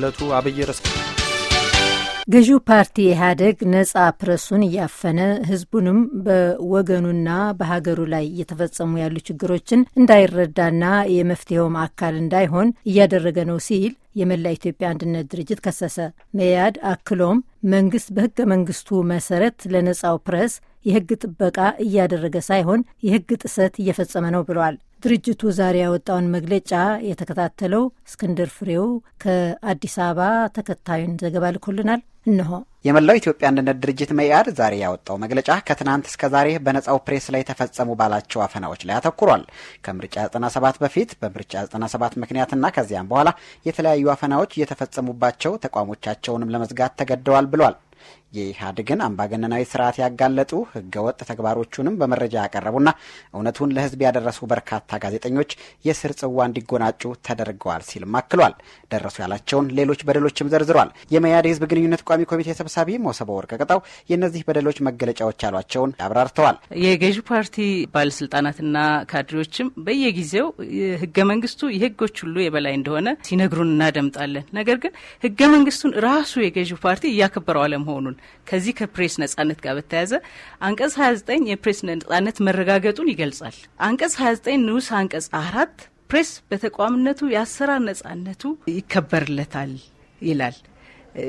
የዕለቱ አብይ ርዕስ ገዢው ፓርቲ ኢህአደግ ነጻ ፕረሱን እያፈነ ህዝቡንም በወገኑና በሀገሩ ላይ እየተፈጸሙ ያሉ ችግሮችን እንዳይረዳና የመፍትሄውም አካል እንዳይሆን እያደረገ ነው ሲል የመላ ኢትዮጵያ አንድነት ድርጅት ከሰሰ። መያድ አክሎም መንግስት በህገ መንግስቱ መሰረት ለነጻው ፕረስ የህግ ጥበቃ እያደረገ ሳይሆን የህግ ጥሰት እየፈጸመ ነው ብለዋል። ድርጅቱ ዛሬ ያወጣውን መግለጫ የተከታተለው እስክንድር ፍሬው ከአዲስ አበባ ተከታዩን ዘገባ ልኮልናል። እንሆ የመላው ኢትዮጵያ አንድነት ድርጅት መኢአድ ዛሬ ያወጣው መግለጫ ከትናንት እስከ ዛሬ በነጻው ፕሬስ ላይ ተፈጸሙ ባላቸው አፈናዎች ላይ አተኩሯል። ከምርጫ 97 በፊት በምርጫ 97 ምክንያትና ከዚያም በኋላ የተለያዩ አፈናዎች እየተፈጸሙባቸው ተቋሞቻቸውንም ለመዝጋት ተገደዋል ብሏል። የኢህአዴግን አምባገነናዊ ስርዓት ያጋለጡ ህገወጥ ተግባሮቹንም በመረጃ ያቀረቡና እውነቱን ለህዝብ ያደረሱ በርካታ ጋዜጠኞች የስር ጽዋ እንዲጎናጩ ተደርገዋል ሲልም አክሏል። ደረሱ ያላቸውን ሌሎች በደሎችም ዘርዝሯል። የመያድ የህዝብ ግንኙነት ቋሚ ኮሚቴ ሰብሳቢ ሞሰበ ወርቀ ቅጣው የእነዚህ በደሎች መገለጫዎች ያሏቸውን አብራርተዋል። የገዢ ፓርቲ ባለስልጣናትና ካድሬዎችም በየጊዜው ህገ መንግስቱ የህጎች ሁሉ የበላይ እንደሆነ ሲነግሩን እናደምጣለን። ነገር ግን ህገ መንግስቱን ራሱ የገዢ ፓርቲ እያከበረው አለመሆኑን ከዚህ ከፕሬስ ነጻነት ጋር በተያያዘ አንቀጽ 29 የፕሬስ ነጻነት መረጋገጡን ይገልጻል። አንቀጽ 29 ንዑስ አንቀጽ አራት ፕሬስ በተቋምነቱ የአሰራር ነጻነቱ ይከበርለታል ይላል።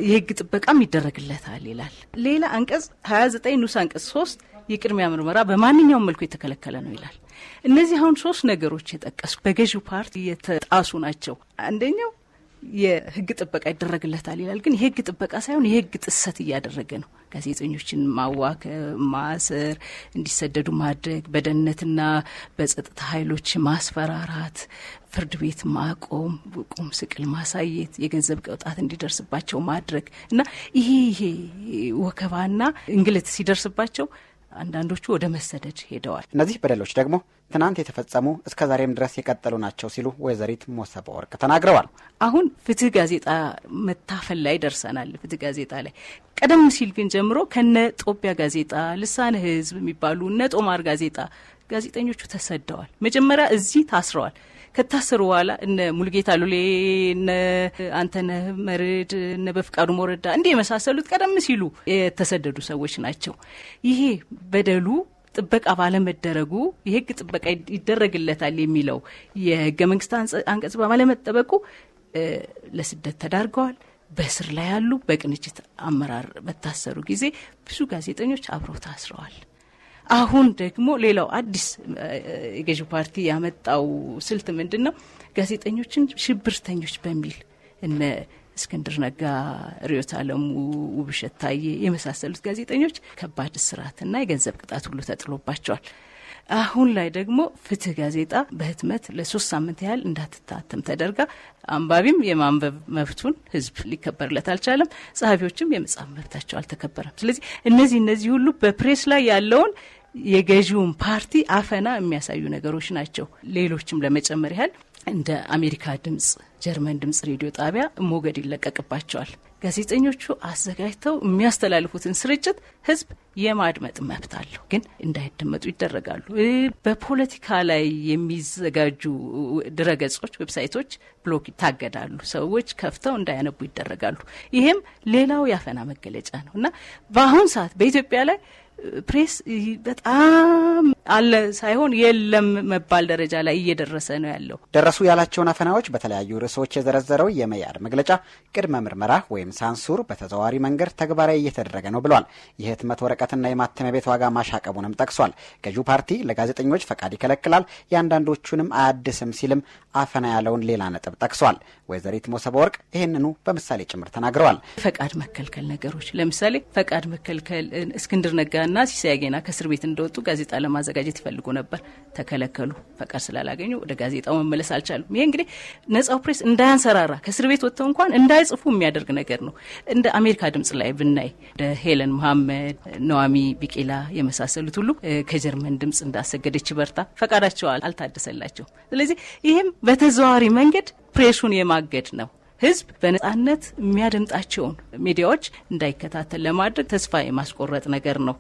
የህግ ጥበቃም ይደረግለታል ይላል። ሌላ አንቀጽ 29 ንዑስ አንቀጽ 3 የቅድሚያ ምርመራ በማንኛውም መልኩ የተከለከለ ነው ይላል። እነዚህ አሁን ሶስት ነገሮች የጠቀሱ በገዢው ፓርቲ የተጣሱ ናቸው። አንደኛው የህግ ጥበቃ ይደረግለታል ይላል። ግን የህግ ጥበቃ ሳይሆን የህግ ጥሰት እያደረገ ነው። ጋዜጠኞችን ማዋከብ፣ ማሰር፣ እንዲሰደዱ ማድረግ፣ በደህንነትና በጸጥታ ኃይሎች ማስፈራራት፣ ፍርድ ቤት ማቆም፣ ቁም ስቅል ማሳየት፣ የገንዘብ ቅጣት እንዲደርስባቸው ማድረግ እና ይሄ ይሄ ወከባና እንግልት ሲደርስባቸው አንዳንዶቹ ወደ መሰደድ ሄደዋል። እነዚህ በደሎች ደግሞ ትናንት የተፈጸሙ እስከ ዛሬም ድረስ የቀጠሉ ናቸው ሲሉ ወይዘሪት ሞሰበ ወርቅ ተናግረዋል። አሁን ፍትህ ጋዜጣ መታፈል ላይ ደርሰናል። ፍትህ ጋዜጣ ላይ ቀደም ሲል ግን ጀምሮ ከነ ጦቢያ ጋዜጣ፣ ልሳነ ህዝብ የሚባሉ እነ ጦማር ጋዜጣ ጋዜጠኞቹ ተሰደዋል። መጀመሪያ እዚህ ታስረዋል። ከታሰሩ በኋላ እነ ሙልጌታ ሉሌ፣ እነ አንተነህ መርድ፣ እነ በፍቃዱ ሞረዳ እንዲህ የመሳሰሉት ቀደም ሲሉ የተሰደዱ ሰዎች ናቸው። ይሄ በደሉ ጥበቃ ባለመደረጉ የህግ ጥበቃ ይደረግለታል የሚለው የህገ መንግስት አንቀጽ ባለመጠበቁ ለስደት ተዳርገዋል። በእስር ላይ ያሉ በቅንጅት አመራር በታሰሩ ጊዜ ብዙ ጋዜጠኞች አብረው ታስረዋል። አሁን ደግሞ ሌላው አዲስ የገዢ ፓርቲ ያመጣው ስልት ምንድን ነው? ጋዜጠኞችን ሽብርተኞች በሚል እነ እስክንድር ነጋ፣ ርዕዮት ዓለሙ፣ ውብሸት ታዬ የመሳሰሉት ጋዜጠኞች ከባድ እስራትና የገንዘብ ቅጣት ሁሉ ተጥሎባቸዋል። አሁን ላይ ደግሞ ፍትህ ጋዜጣ በህትመት ለሶስት ሳምንት ያህል እንዳትታተም ተደርጋ አንባቢም የማንበብ መብቱን ህዝብ ሊከበርለት አልቻለም። ጸሐፊዎችም የመጻፍ መብታቸው አልተከበረም። ስለዚህ እነዚህ እነዚህ ሁሉ በፕሬስ ላይ ያለውን የገዢውን ፓርቲ አፈና የሚያሳዩ ነገሮች ናቸው። ሌሎችም ለመጨመር ያህል እንደ አሜሪካ ድምጽ፣ ጀርመን ድምጽ ሬዲዮ ጣቢያ ሞገድ ይለቀቅባቸዋል። ጋዜጠኞቹ አዘጋጅተው የሚያስተላልፉትን ስርጭት ህዝብ የማድመጥ መብት አለው፣ ግን እንዳይደመጡ ይደረጋሉ። በፖለቲካ ላይ የሚዘጋጁ ድረገጾች፣ ዌብሳይቶች ብሎክ ይታገዳሉ። ሰዎች ከፍተው እንዳያነቡ ይደረጋሉ። ይሄም ሌላው ያፈና መገለጫ ነው እና በአሁን ሰዓት በኢትዮጵያ ላይ ፕሬስ በጣም አለ ሳይሆን የለም መባል ደረጃ ላይ እየደረሰ ነው ያለው። ደረሱ ያላቸውን አፈናዎች በተለያዩ ርዕሶች የዘረዘረው የመያድ መግለጫ ቅድመ ምርመራ ወይም ሳንሱር በተዘዋዋሪ መንገድ ተግባራዊ እየተደረገ ነው ብሏል። የህትመት ወረቀትና የማተሚያ ቤት ዋጋ ማሻቀቡንም ጠቅሷል። ገዢው ፓርቲ ለጋዜጠኞች ፈቃድ ይከለክላል፣ የአንዳንዶቹንም አያድስም ሲልም አፈና ያለውን ሌላ ነጥብ ጠቅሷል። ወይዘሪት ሞሰበ ወርቅ ይህንኑ በምሳሌ ጭምር ተናግረዋል። ፈቃድ መከልከል ነገሮች ለምሳሌ ፈቃድ መከልከል እስክንድር ነጋ እና ሲሳይ ከእስር ቤት እንደወጡ ጋዜጣ ለማዘጋጀት ይፈልጉ ነበር፣ ተከለከሉ። ፈቃድ ስላላገኙ ወደ ጋዜጣው መመለስ አልቻሉም። ይሄ እንግዲህ ነጻው ፕሬስ እንዳያንሰራራ ከእስር ቤት ወጥተው እንኳን እንዳይጽፉ የሚያደርግ ነገር ነው። እንደ አሜሪካ ድምጽ ላይ ብናይ እንደ ሄለን መሐመድ፣ ነዋሚ ቢቄላ የመሳሰሉት ሁሉ ከጀርመን ድምጽ እንዳሰገደች በርታ ፈቃዳቸው አልታደሰላቸውም። ስለዚህ ይህም በተዘዋዋሪ መንገድ ፕሬሱን የማገድ ነው። ህዝብ በነጻነት የሚያደምጣቸውን ሚዲያዎች እንዳይከታተል ለማድረግ ተስፋ የማስቆረጥ ነገር ነው።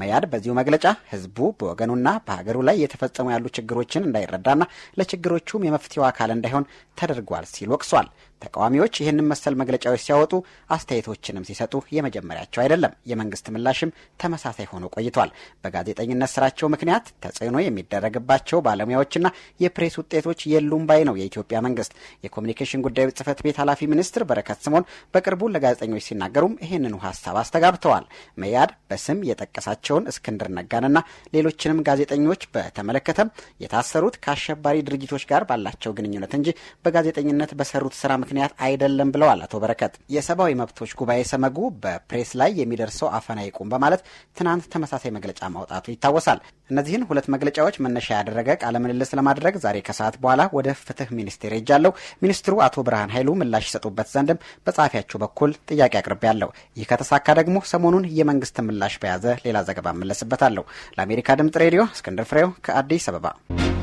መያድ በዚሁ መግለጫ ህዝቡ በወገኑና በሀገሩ ላይ የተፈጸሙ ያሉ ችግሮችን እንዳይረዳና ለችግሮቹም የመፍትሄው አካል እንዳይሆን ተደርጓል ሲል ወቅሷል። ተቃዋሚዎች ይህንን መሰል መግለጫዎች ሲያወጡ አስተያየቶችንም ሲሰጡ የመጀመሪያቸው አይደለም። የመንግስት ምላሽም ተመሳሳይ ሆኖ ቆይቷል። በጋዜጠኝነት ስራቸው ምክንያት ተጽዕኖ የሚደረግባቸው ባለሙያዎችና የፕሬስ ውጤቶች የሉም ባይ ነው የኢትዮጵያ መንግስት የኮሚኒኬሽን ጉዳዮች ጽህፈት ቤት ቤት ኃላፊ ሚኒስትር በረከት ስምኦን በቅርቡ ለጋዜጠኞች ሲናገሩም ይህንኑ ሀሳብ አስተጋብተዋል። መያድ በስም የጠቀሳቸውን እስክንድር ነጋንና ሌሎችንም ጋዜጠኞች በተመለከተም የታሰሩት ከአሸባሪ ድርጅቶች ጋር ባላቸው ግንኙነት እንጂ በጋዜጠኝነት በሰሩት ስራ ምክንያት አይደለም ብለዋል አቶ በረከት። የሰብአዊ መብቶች ጉባኤ ሰመጉ በፕሬስ ላይ የሚደርሰው አፈና ይቁም በማለት ትናንት ተመሳሳይ መግለጫ ማውጣቱ ይታወሳል። እነዚህን ሁለት መግለጫዎች መነሻ ያደረገ ቃለ ምልልስ ለማድረግ ዛሬ ከሰዓት በኋላ ወደ ፍትህ ሚኒስቴር ሄጃለሁ። ሚኒስትሩ አቶ ብርሃን ኃይሉ ምላሽ ይሰጡበት ዘንድም በጸሐፊያቸው በኩል ጥያቄ አቅርቤያለሁ። ይህ ከተሳካ ደግሞ ሰሞኑን የመንግስት ምላሽ በያዘ ሌላ ዘገባ እመለስበታለሁ። ለአሜሪካ ድምጽ ሬዲዮ እስክንድር ፍሬው ከአዲስ አበባ